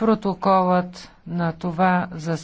Протоколът на това за